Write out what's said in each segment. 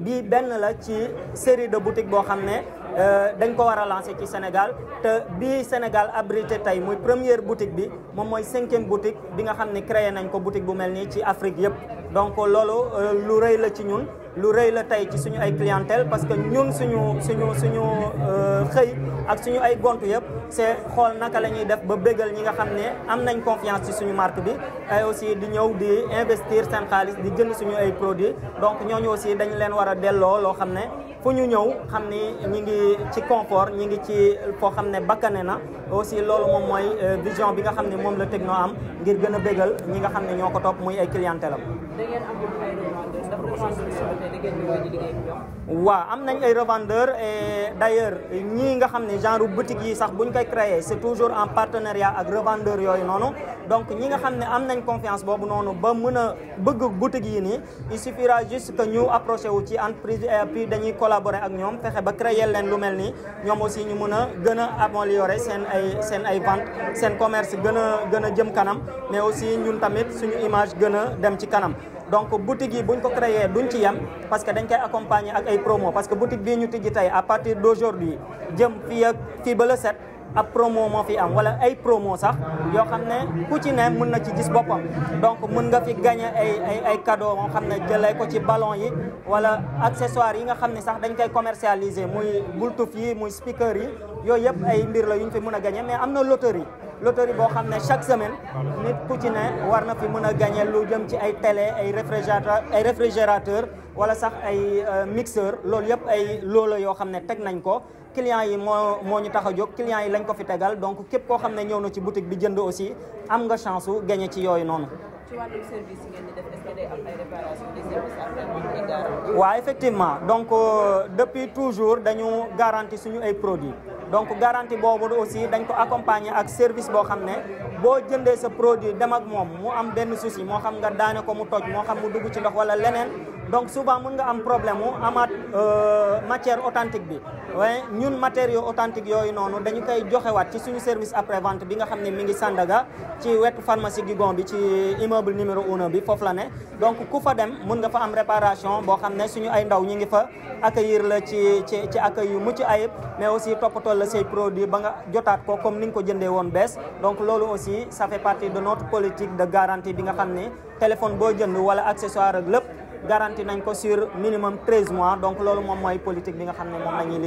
bii benn la ci série de boutique boo xam ne euh, dañ ko war a lancer ci Sénégal te bii Sénégal abrité tey muy première boutique bi moom mooy cinquième boutique bi nga xam ne créé nañ ko boutique bu mel nii ci Afrique yëpp donc loolu euh, lu rëy la ci ñun lu rëy la tey ci suñu ay clientèle parce que ñun suñu suñu suñu euh, xëy ak suñu ay gont yëpp c'est xool naka la ñuy def ba bégal ñi nga xam ne am nañ confiance ci suñu marque bi ay aussi di ñëw di investir seen xaalis di jënd suñu ay produits donc ñooñu aussi dañ leen war a delloo loo xam ne fu ñu ñëw xam ni ñi ngi ci confort ñi ngi ci foo xam ne bakkane na aussi loolu moom mooy euh, vision bi nga xam ne moom la Tecno am ngir gën a bégal ñi nga xam ne ñoo ko topp muy ay clientèle am wa am nañ ay revendeur et d'ailleurs ñi nga xamné genre boutique yi sax buñ koy créer c'est toujours en partenariat ak revendeur yoy noonu donc ñi nga xamné am nañ confiance bobu noonu ba mëna bëgg boutique yi ni il suffira juste que ñu approcher wu ci entreprise et eh, puis dañuy collaborer ak ñom fexé ba créer leen lu melni ñom aussi ñu mëna gëna améliorer sen ay sen ay vente sen commerce gëna gëna jëm kanam mais aussi ñun tamit suñu image gëna dem ci kanam donc boutique yi buñ ko créer duñ ci yem parce que dañ koy accompagner ak ay promo parce que boutique bii ñu tijji tey à partir d'aujourd'hui jëm fii ak fii ba le set ab promo moo fi am wala ay promo sax yoo xam ne ku ci ne mun na ci gis boppam donc mun nga fi gagner ay ay ay cadeau moo xam ne jëlee ko ci ballon yi wala accessoire yi nga xam ne sax dañ koy commercialiser muy bultuf yi muy speaker yi yooyu yëpp ay mbir la yu ñu fi mën a gagné mais am na loterie loterie boo xam ne chaque semaine nit ku ci ne war na fi mën a gagné lu jëm ci ay télé ay réfrigérateur ay réfrigérateur wala sax ay euh, mixeur loolu yëpp ay loola yoo xam ne teg nañ ko client yi moo moo ñu tax a jóg client yi lañ ko fi tegal donc képp koo xam ne ñëw na ci boutique bi jënd aussi am nga chance su gagné ci yooyu noonu. ci waaw effectivement donc euh, depuis toujours dañu garanti suñu ay produits donc garanti boobu aussi dañ ko accompagner ak service boo xam ne boo jëndee sa produit dem ak moom mu am benn souci moo xam nga daane ko mu toj moo xam mu dugg ci ndox walla leneen. donc souvent mën nga am problème avec euh, matière authentique bi avons ñun matériaux authentiques yooyu noonu dañu koy ci service après vente bi nga mi ngi Sandaga ci wetu pharmacie numéro 1 bi la donc ku fa dem mën fa am réparation boo xam accueillir mais aussi la say produit ba nga comme ni ko donc aussi ça fait partie de notre politique de garantie bi nga xam téléphone accessoire garantie nañ ko sur minimum 13 mois donc le moment moy politique bi nga xam mom lañuy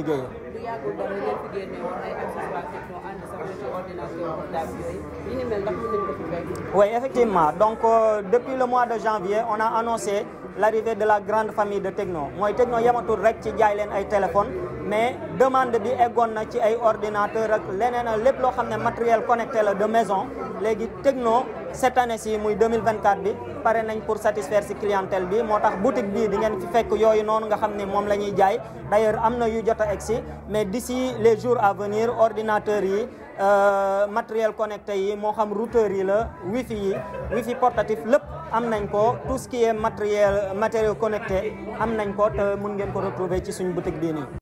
oui effectivement donc euh, depuis le mois de janvier on a annoncé l'arrivée de la grande famille de techno moi Tecno yematul rek ci jaay téléphone mais demande de Egon na ordinateur les leneen lépp matériel connecté de maison Les techno cette année ci muy 2024 bi pare nañ pour satisfaire ci clientèle bi moo tax boutique bii di ngeen fi fekk yooyu noonu nga xam ne moom la ñuy jaay d'ailleurs am na yu jot a egsi mais d'ici les jours à venir ordinateurs yi euh, matériel connecté yi moo xam routeurs yi la wifi yi wifi portatif lépp am nañ ko tout ce qui est matériel matériel connecté am nañ ko te mun ngeen ko retrouver ci suñ boutique bii nii